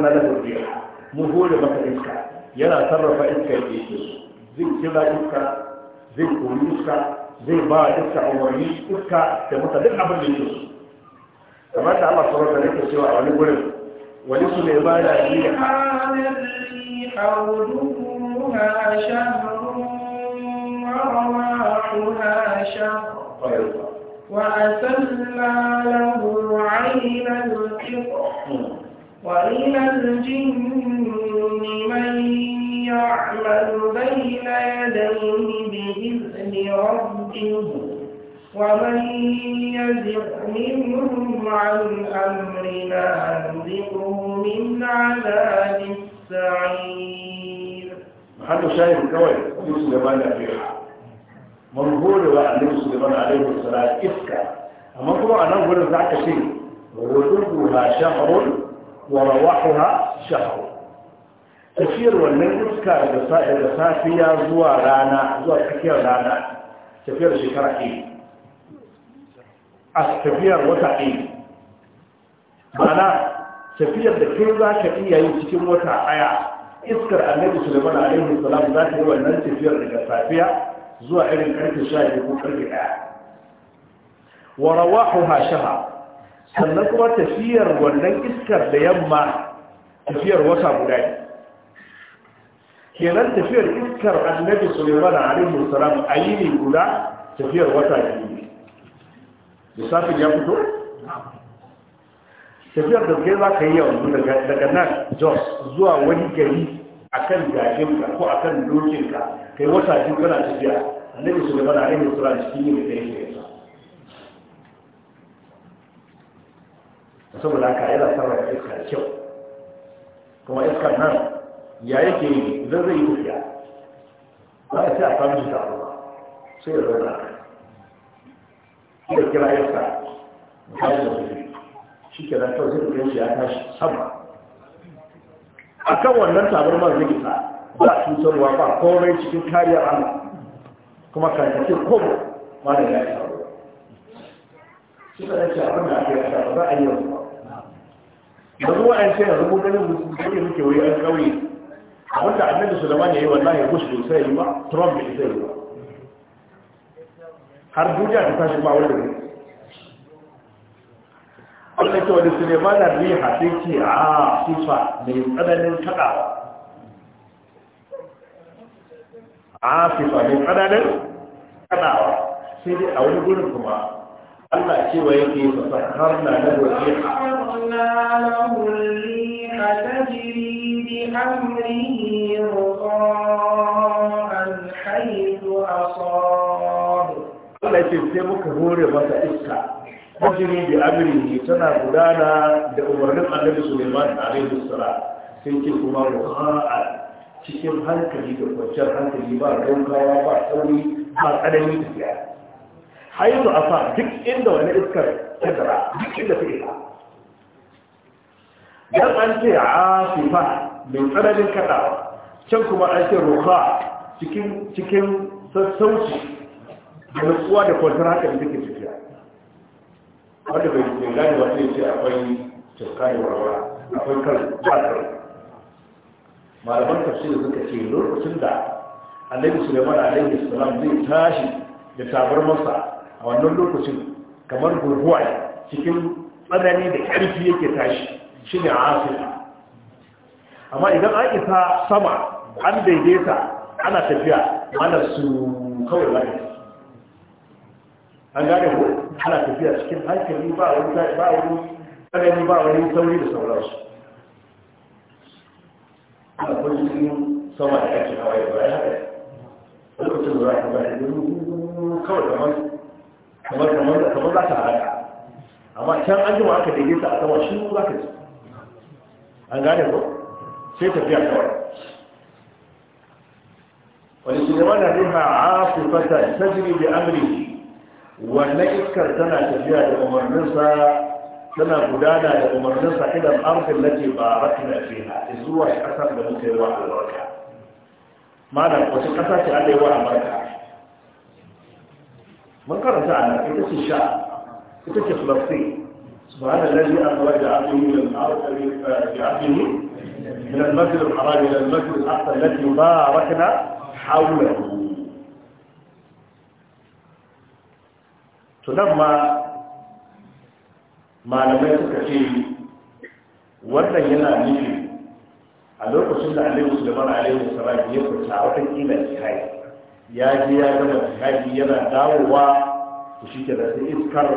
na da riha mun hore maka iska yana sarrafa iska ke shi zai kira iska zai koyi iska zai ba iska a umarni iska da mata duk abin da yake so kamar da Allah sauran da yake cewa a wani gurin wani Sulaiman da riha riha wuduha shahru طيب. وأسلنا له عين القطر وإلى الجن من يعمل بين يديه بإذن ربه ومن يزغ منهم عن أمرنا أنزقه من عذاب السعير هذا شايف الكويت يوسف جمال أبي mun gode wa annabi sulaiman alaihi salam iska amma kuma a nan gurin zaka ce wuduha shahrun wa rawahuha shahrun tafiyar wannan iska daga safiya zuwa rana zuwa tafiyar rana tafiyar shekara ɗaya a tafiyar wata ɗaya mana tafiyar da kai za ka iya yi cikin wata aya. iskar annabi sulaiman alaihi salam za ta yi wannan tafiyar daga safiya zuwa irin karfe sha biyu ko karfe ɗaya wa rawahu hashaha sannan kuma tafiyar wannan iskar da yamma tafiyar wata guda ne kenan tafiyar iskar annabi suleiman alaihi salam a yi ne guda tafiyar wata biyu lissafin ya fito tafiyar da kai za ka yi yanzu daga nan jos zuwa wani gari akan kan ko akan kan dokinka kai wata shi kana tafiya annabi su gaba na ainihin sura da cikin yin da yake saboda haka yana sarrafa iska da kyau kuma iska nan ya yake yi zan zai yi tafiya ba a ce a samu shi ba sai ya zauna da kira iska ta shi da kuzi shi ke nan kawai zai shi ya tashi sama a kan wannan tabar ma zai gisa ba cutarwa ba komai cikin kariyar Allah kuma kan ce kuma ma da ya faru suka yace abin da aka yi a ba a yi yanzu ba yanzu yance yanzu mun ganin mutum muke wuri an kauye abin da annabi sulaiman ya yi wallahi bush bai sai yi ba trump bai sai yi ba har duniya ta tashi ba wanda ne Allah ke wani na riha sai ce a ah, sifa mai tsananin kaɗawa afifa ne kananan kanawa sai dai a wani gurin kuma Allah cewa yake fa saharna na waje saharna lahu riha tajri bi amrihi ruqan haythu asab Allah yake sai muka hore masa iska tajri bi amrihi tana gudana da umarnin Annabi Sulaiman alaihi salam sai ce kuma ruqan cikin hankali da kwanciyar hankali ba gaugawa ba tsauri ba tsanani tafiya haizu a sa duk inda wani iskar ta duk inda ta ila dan an ce a asifa mai tsananin kaɗawa can kuma an ce roka cikin sassauci da nutsuwa da kwanciyar hankali ke tafiya wanda bai gane wata ya ce akwai kayan warwara akwai kan ba malaman tafsir suka ce lokacin da annabi suleiman alaihi salam zai tashi da tabar masa a wannan lokacin kamar gurguwa cikin tsanani da ƙarfi yake tashi shi ne asira amma idan an isa sama an daidaita ana tafiya mana su kawai lafi an gane ko ana tafiya cikin hankali ba wani tsanani ba wani sauri da sauransu ana kwallo cikin sama da ake hawa ya bayan haka lokacin da za ka bayan gudu kawai kamar kamar kamar kamar za ka haka amma can an jima aka daidaita a sama shi za ka ci an gane ko sai tafiya kawai ولسليمان ريح عاصفة تجري بأمره وأن إسكر تنا tafiya بأمر umarninsa. tana gudana da umarnin sa idan arfin lake ba rakina fiha zuwa ƙasar da muka yi wa albarka malam wace kasa ce Allah ya wa albarka mun karanta a nan ita ce sha ita ce filastin سبحان الذي أخرج عبده من الأرض بعبده من المسجد الحرام إلى المسجد الأقصى التي باركنا حوله تنمى malamai suka ce wannan yana nufi a lokacin da alaihi sulaiman alaihi salam ya fita wata kila jihadi ya je ya gama jihadi yana dawowa to shi ke da iskar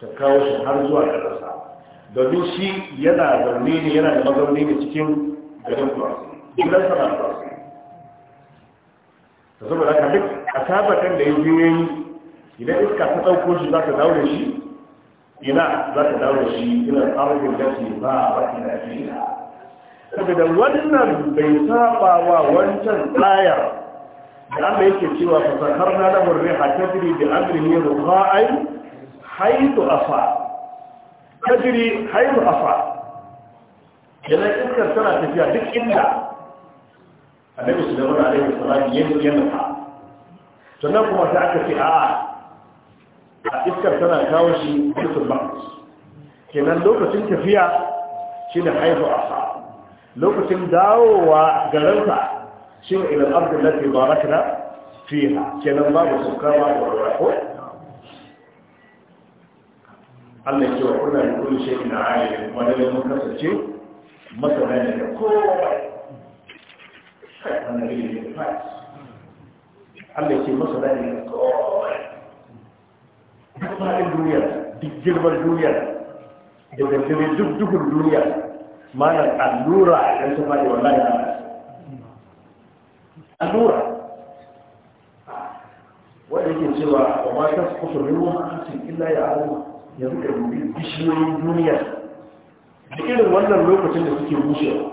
ta kawo shi har zuwa rasa domin shi yana zaune ne yana da mazauni ne cikin garin kurasi gidan sana kurasi ta saboda haka duk a sabatan da ya je idan iska ta ɗauko shi za ta da shi ina za ka dawo shi ina arzikin gashi ba a baki na fiya saboda wannan bai saba wa wancan tsayar da Allah yake cewa na fa sakarna lahu da an bi amrihi ruqa'ai haitu afa tafiri haitu afa yana iskar tana tafiya duk inda A da wani alaihi wasallam ya yi yana sannan kuma sai aka ce a. iskar tana kawo shi kusur ba kenan lokacin tafiya shi da haifu a sa lokacin dawowa garinsa shi ne ilin abdullahi barakna fiha kenan babu su kama da warwako Allah ce wa kuna da kullu shi na ayi wanda ne mun kasance masana ne da kowa kai wannan ne da fa'is Allah ce masana ne da kowa duk faɗin duniya duk girman duniya da gaggare duk dukun duniya mana allura a ɗan su faɗi wallahi na allura wanda yake cewa wa ma ta kusa ruwa a cikin illa ya alama yanzu ka dubi duniya da irin wannan lokacin da suke bushewa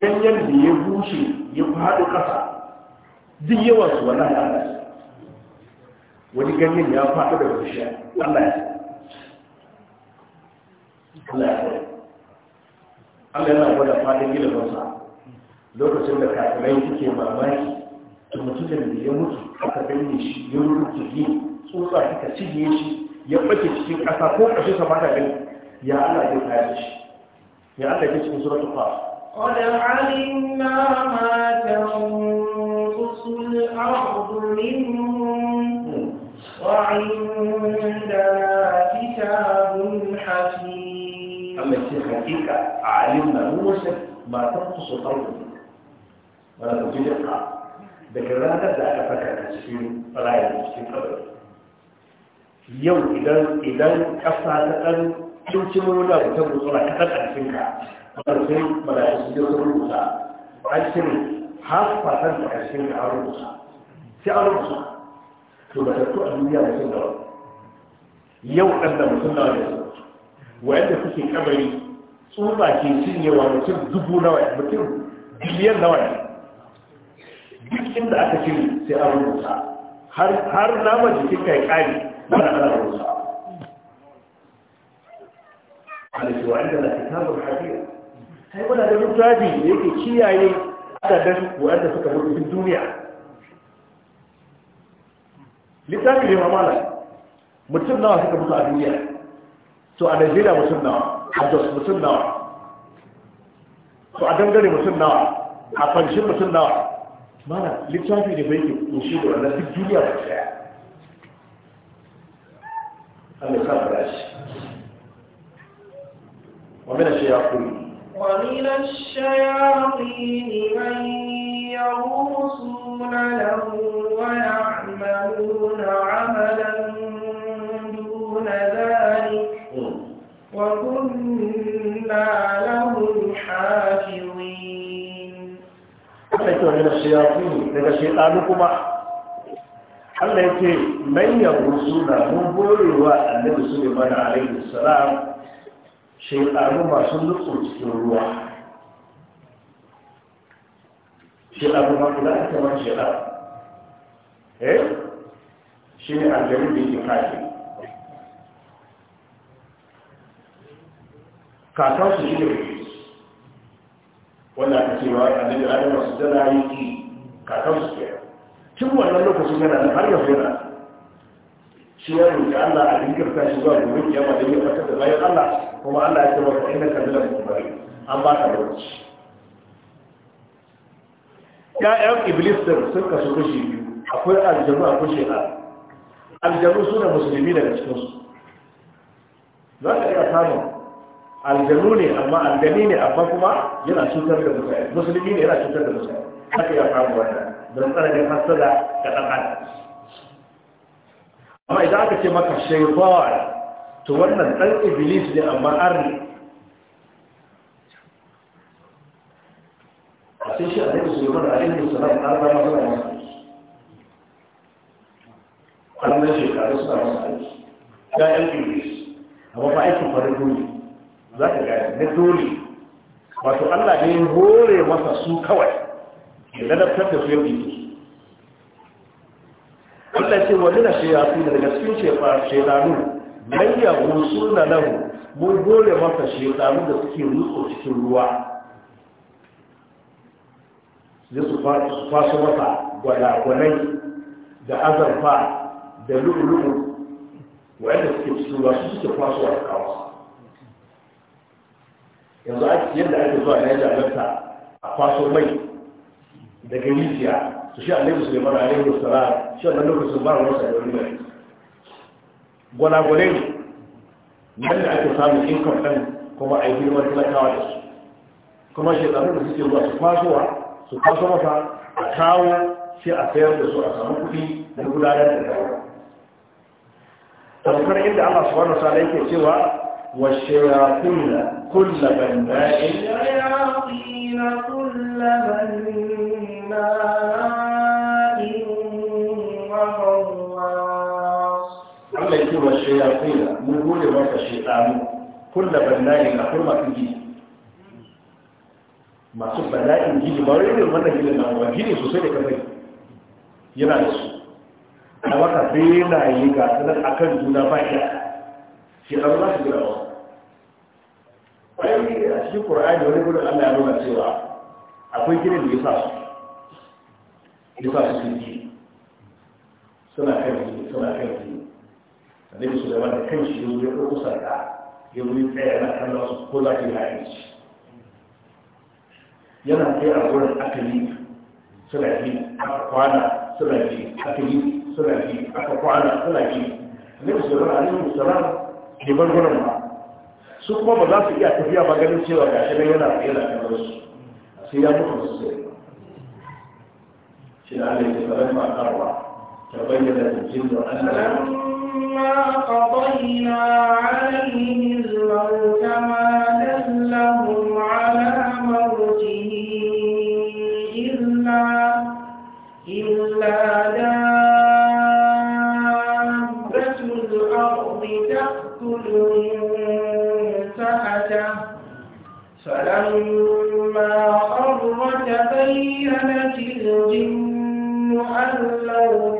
ganyen da ya bushe ya faɗo ƙasa duk yawan su wallahi na wani ganyen ya faɗi da wani Allah ya Allah ya Allah yana gwada fadin ilimansa lokacin da kafinai suke mamaki da mutu da ya mutu aka da shi ya rurrufe tsotsa suka cige shi ya ɓace cikin ƙasa ko ƙashin sa fata gani ya Allah ya kaya shi ya Allah ya cikin suratul qaf قد علمنا ما تنقص الأرض منهم وعندنا كتاب حكيم أما الشيخ حقيقة daga da aka yau idan ƙasa ta ɗan cikin wani abu ta rutsura ta ɗan ƙarfin ka ƙarfin malayi su sun rubuta an cire har fatan da ƙarfin ka an rubuta sai an rubuta to da tattu a duniya mutum da yau ɗan da mutum nawa ne wa'anda kuke kabari tsufa ke cinyewa mutum dubu nawa mutum biliyan nawa ne duk inda aka cire sai an rubuta har nama jikin kai kari ba na ana rubuta halittu wa'anda na kitabun hadiyar sai muna da littafi da yake kiyaye adadin wa'anda suka mutu duniya لتاك لي رمالا مسنا هيك بتاع الدنيا سو على جيلا مسنا اجوس مسنا سو ادم غري مسنا افنش مسنا ما انا لتاك لي بيت مشيد ولا في الدنيا بتاع انا خبرش ومن الشياطين ومن الشياطين من يغوصون له ويعملون عملا دون ذلك وكنا لهم حافظين أتيتوا من الشياطين من الشيطان كما Allah ya ce manyan rusuna mun gorewa annabi Sulaiman alaihi salam shekaru masu nutsu cikin ruwa shi'ar ma kula a kamar shi'ar eh shi ne aljanu da yake kashi kakan su shi ne wanda aka ce a annabi adam su dana yi ki kakan su ke tun wannan lokacin yana da har yanzu yana shi ya roƙi Allah a jinkirta shi zuwa gobe kiyama da yi fata da bayan Allah kuma Allah ya ce masa inna kadala mubarak an ba ka lokaci ya'yan iblis da sun kasu rushe biyu akwai aljanu a kushe a aljanu su da musulmi daga cikinsu za ka iya samun aljanu ne amma aljani ne amma kuma yana cutar da mutane musulmi ne yana cutar da musulmi za ka iya samun wannan don tsananin hasada da ɗan adam amma idan aka ce maka shaifawa to wannan ɗan iblis ne amma arni musulmai an zama suna masu kwanan shekaru suna masu aiki ya yan iblis amma ba aikin farin dole za ka gaya na dole wato allah ne hore masa su kawai ya ladabtar da su yau ne Allah ce wani na shayatu daga cikin shekaru mai yabo suna lahu mun hore masa shekaru da suke rutsu cikin ruwa zai su faso masa gwanagwanai da azarfa da lu'ulu'u wa'anda suke cikin ruwa su suke kwaso a kawo yanzu a yadda ake zuwa na jalarta a faso mai daga rijiya su shi alaihi suleiman alaihi wasalam shi wannan lokacin ba ruwa sai wani mai gwanagwanai yadda nan da ake samun income kuma a yi girman talakawa da su kuma shekaru da suke zuwa su kwasowa su kwaso masa a kawo sai a sayar da su a samu kuɗi da gudanar da kawo tamkar inda Allah subhanahu wa ta'ala yake cewa wa shayatina kullu banda'in shayatina ya banda'in wa ghawwas ya mun gode maka shaytanu kullu banda'in a kurma kiji masu bala'in gini ba wani irin wannan gini na wa gini sosai da kamar yana da su a wata yi ga sanar a kan juna ba ya shi an ba su gina wasu ƙwayar a cikin ƙura'ani wani gudun allah ya nuna cewa akwai ginin da ya sa su ya sa su sun ji suna kan ji suna kan ji da ne su da wani kan shi ya zo ya ɗauko sarka ya zo ya tsaya na kan su ko za ka yi ha'inci yana kai a wurin aka yi suna yi aka kwana suna yi aka yi suna yi aka kwana suna yi ne musulman a yin musulman ne bar gurin ba su kuma ba za su iya tafiya ba ganin cewa ga shi yana yana kamar su sai ya mutu su sai shi da ala yi tsaron ba karwa ta bayyana da jin da an da ma قضينا عليه الموت يظن أن لو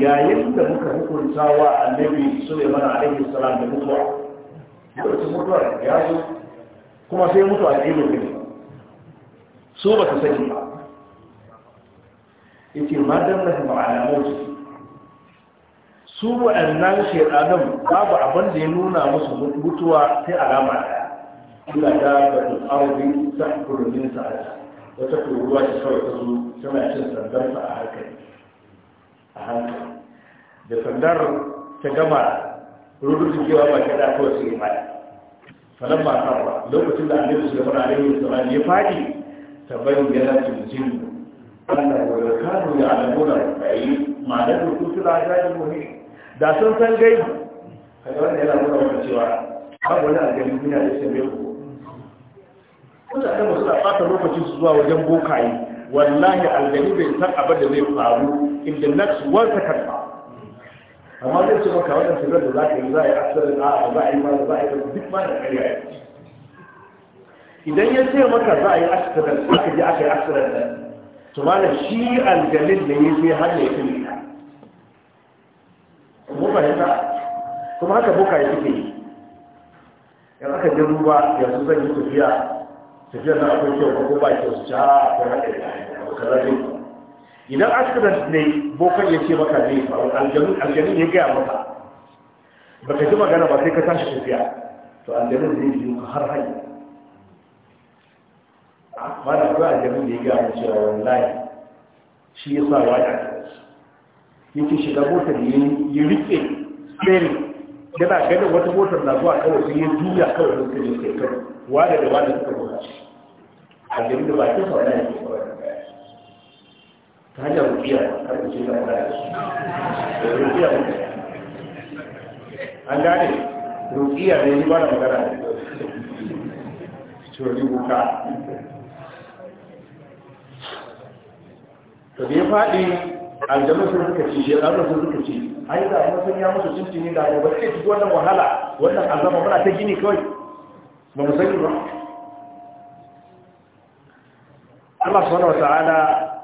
ya yadda muka hukunta wa annabi su ne mana alaihi salam da mutuwa ya kuma sai mutuwa ya su ba su sani ba yake madan na ma'alamosu su waɗannan shaidanun babu abin da ya nuna musu mutuwa sai alama ila da batun arziki ta kurumin sa'ada wata kuruwa ta kawai ta zo tana cin sandar a hankali a hankali da sandar ta gama rubutun kewa ba kada kawai su yi mai ba kawo lokacin da annabi su gaba da alaihi wasallam ya fadi تبينت الجن Allah ya kanu ya alamuna ayi ma'anar rukutu da ajiyar muhi da sun san gai kai wanda yana nuna wata cewa babu wani algari duniya da shi mai ku kuma da fata lokacin su zuwa wajen bokaye wallahi algari bai san abin da zai faru in the next one amma zai ce maka wannan shigar da za ka yi za a yi asirin a za a yi ma za a yi duk ma da karya idan ya ce maka za a yi asibirin aka ji aka yi asibirin da to mana shi aljalin da ya zai hannu ya fi mu fahimta kuma haka buka ya suke yi Yan aka ji ruwa yanzu zan yi tafiya tafiya na akwai kyau ko ba kyau su ci a ah, akwai haɗe da idan asibirin ne bokan ya ce maka zai faru aljalin ya gaya maka baka ji magana ba sai ka tashi tafiya to aljalin zai yi ka har hanyar mana ko aljanu da ya ga mu cewa wallahi shi yasa waya yake shiga motar ya rike tsere yana ganin wata motar na zuwa kawai sai ya juya kawai sun kai, sai kai wada da wada suka zuwa a gari da bakin sa wannan yake kawai ta hanyar rukiya har da shi da wada da rukiya an gane rukiya ne ni ba na magana ne cewa ni buka to da ya faɗi aljanu sun suka ci shekaru sun suka ci ai yi ya san ya musu cinci ne da ya ba ci wannan wahala wannan azaba muna ta gini kawai ba mu sani ba Allah subhanahu wa ta'ala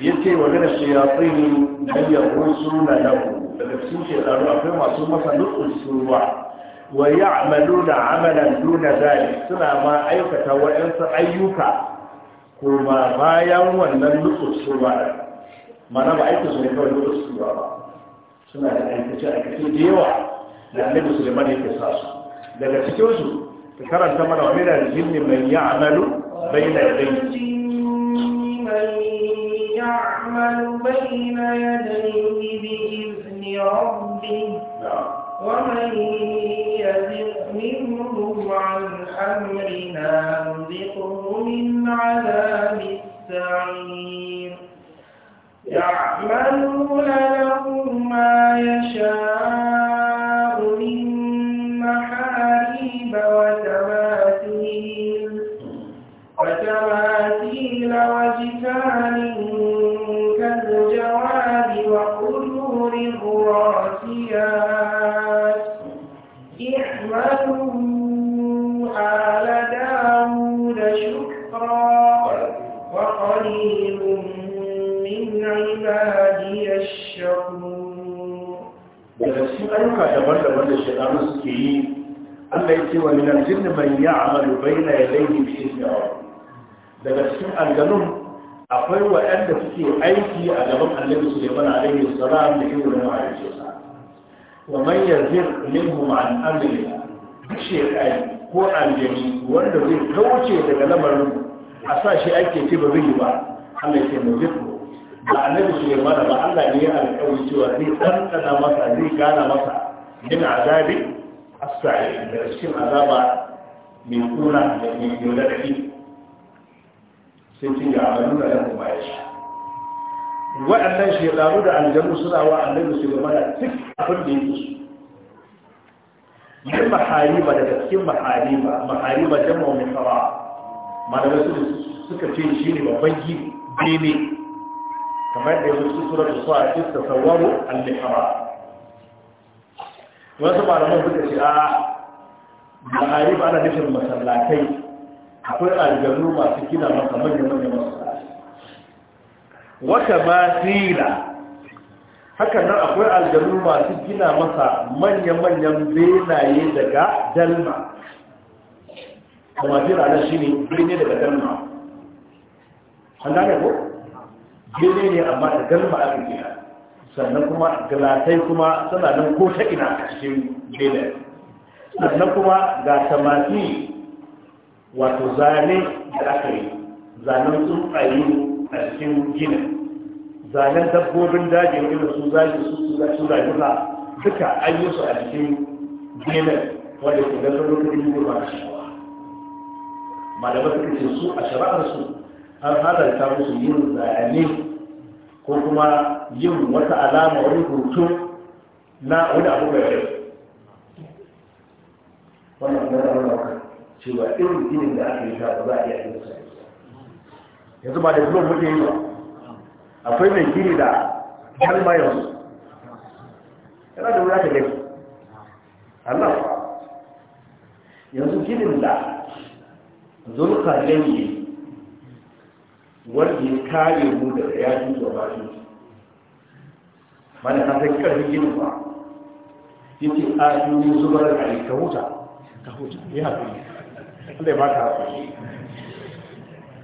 yace wa gana shayatin da ya rusu na lahu daga cikin shekaru akwai masu masa nutsu su ruwa wa ya'maluna amalan duna zalik suna ma aikata wa'ansu ayyuka kuma bayan wannan lukursuwa mana ba aiki su ne kawai lukursuwa ba suna da aikace-aikace da yawa da annabi suleiman yake sa su daga cikinsu ka karanta mana wani mina jinni mai ya amalu bai na yadai ومن يزق منهم عن أمرنا أنذقه من عذاب السعير يعملون له ما يشاء ayyuka daban-daban da shaɗanu suke yi Allah ya ce wa minan jinni man ya amalu baina yadayhi bi ismihi daga cikin alganun akwai waɗanda suke aiki a gaban Annabi Sulaiman alaihi salam da irin wannan ayyuka sa wa man an amri duk shaytan ko aljani wanda zai kauce daga lamarin a sa shi ake ce ba zai yi ba Allah ya ce mu ba annabi Sulaiman ba Allah ne ya alƙawari cewa zai tsantsana masa zai gana masa Yin azabi as-sa'ir da cikin azaba mai kuna da mai yola da ni sai ce ga amalu da yanku ba ya shi waɗannan shekaru da aljanu suna wa annabi Sulaiman duk abin da yake su yin mahariba daga cikin mahariba mahariba jama'a mai fara malamai suka ce shi ne babban gini bene kamar da yanzu su sura su a cikin tasawwaru al-lihara wasu malaman suka ce a ba ana nufin masallatai akwai aljanu masu gina masa manyan manyan masallatai wata masila hakan nan akwai aljanu masu gina masa manya-manyan benaye daga dalma kuma jira na shi ne bene daga dalma an gane ko? daidai ne amma da galma aka gina sannan kuma galatai kuma suna nan ko ta ina a cikin daidai sannan kuma ga samati wato zane da aka yi zanen tsuntsaye a cikin gina zanen dabbobin dajin irin su zaki su zaki na duka an yi su a cikin gina wanda ke gasar lokacin yi ba shi shawa malamai suka ce su a shari'ar su an halarta musu yin zayane ko kuma yin wata alama wani hoto na wani abu mai rai wannan na rawar kan cewa irin ginin da aka yi ta ba za a iya yin sa yanzu ba da zuwa muke yi ba akwai mai gini da kalma yanzu yana da wuya ta gani Allah yanzu ginin da zulka ne wanda ya kare mu daga yaji da bashi mana ka sai karfi yin ba yace a yi zubar da kai ka huta ka huta ya hakuri Allah ya ba ka hakuri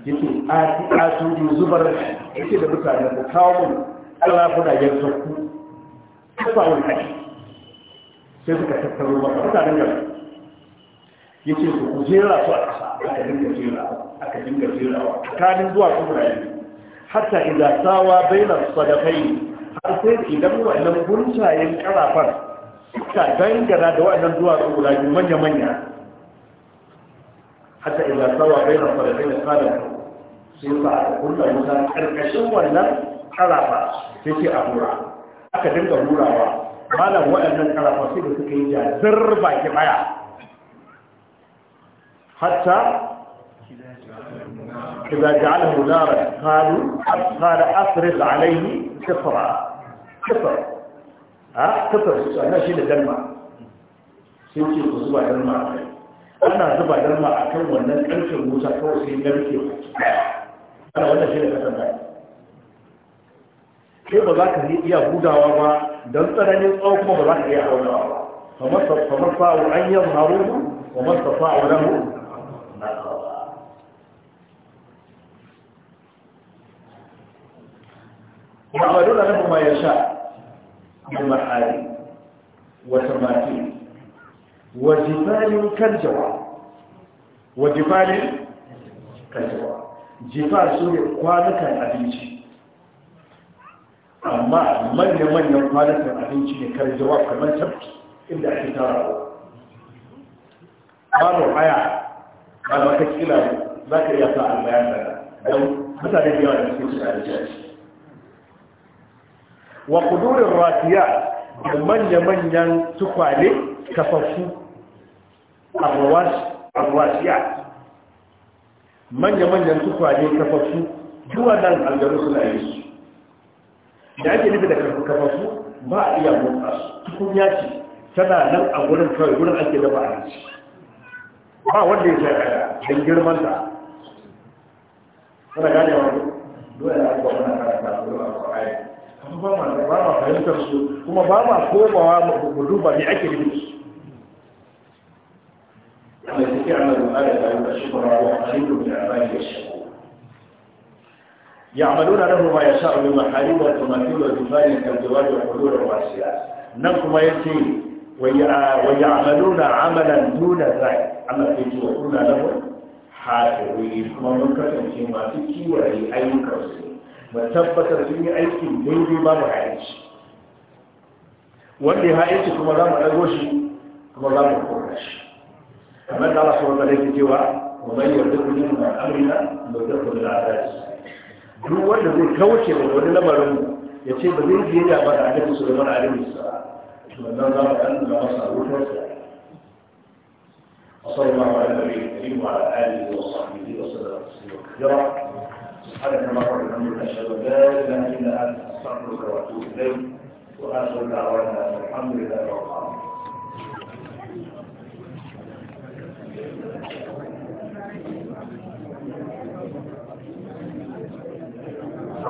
yace a a yi zubar da kai yace da mutane ku kawo mu Allah kuna yarda ku kafa wannan sai suka tattaro maka mutanen Ya yace ku jera su a ƙasa aka dinga jera aka dinga jirawa tsakanin zuwa kubraye hatta idan sawa bainar sadafai har sai idan wannan guntayen karafan suka dangana da wannan zuwa guda manya-manya hatta idan sawa bainar sadafai da sai ba a kulla wuta karkashin wannan karafa sai ce a hura aka dinga hurawa malam waɗannan karafa sai da suka yi jazar baki baya hatta إذا جعله نارا قالوا قال أفرغ عليه كفرا كفر ها كفر أنا شيء لدمع شيء شيء خصوة دمع أنا زبا دمع أكل ونن أنت موسى كوسي نبكي أنا ولا شيء كتبه kai ba هي يا بودا وما ba don tsananin tsawo يا ba za ka iya haunawa ba kamar sa'o an يعملون له ما يشاء من محارم وتماثيل وجبال كالجواب وجبال كالجواب jifar su ne kwanukan abinci amma manya-manyan kwanukan abinci ne kar jawab kamar tabbi inda ake tara babu haya ba da za ka iya sa albayan da don mutane da yawa da suke shiga da jaji wa kudurin rafiya da manya-manyan tukwane kafafu a rafiya. manya-manyan tukwane kafafu nan aljaru suna yi su da ake nufi da kafafu ba a iya motsa su ya ce tana nan a wurin kawai wurin ake dafa abinci ba wanda ya shaka don girman ta tana gane wani dole na abubuwa wani karanta su a kwaya ba ma fahimtar su kuma ba ma ba duba ne ake yi ya amalu na rahu ma ya sha abu ma harimar tumatilo tufanin kanzuwa da kudu da wasu nan kuma ya ce wa ya amalu na amalan duna zai amalke ci wa kuna da wani hafi wuri kuma mun kasance masu kiwaye ayyukan su ba tabbatar sun yi aikin daidai ba da haici wanda ya haici kuma za mu ɗago shi kuma za mu kora shi kamar da Allah sauran da cewa wa bai yarda ku yin na amina da ta kula da adalci duk wanda zai kauce da wani lamarin ya ce ba zai je da ba da annabi Sulaiman alaihi salam wannan za mu ɗan da masa wutarsa وصلى الله على النبي الكريم وعلى اله وصحبه وسلم تسليما كثيرا هذا كما قال الحمد أشهد أن لا إله إلا أنت أستغفرك وأتوب إليك وآخر دعوانا الحمد لله رب العالمين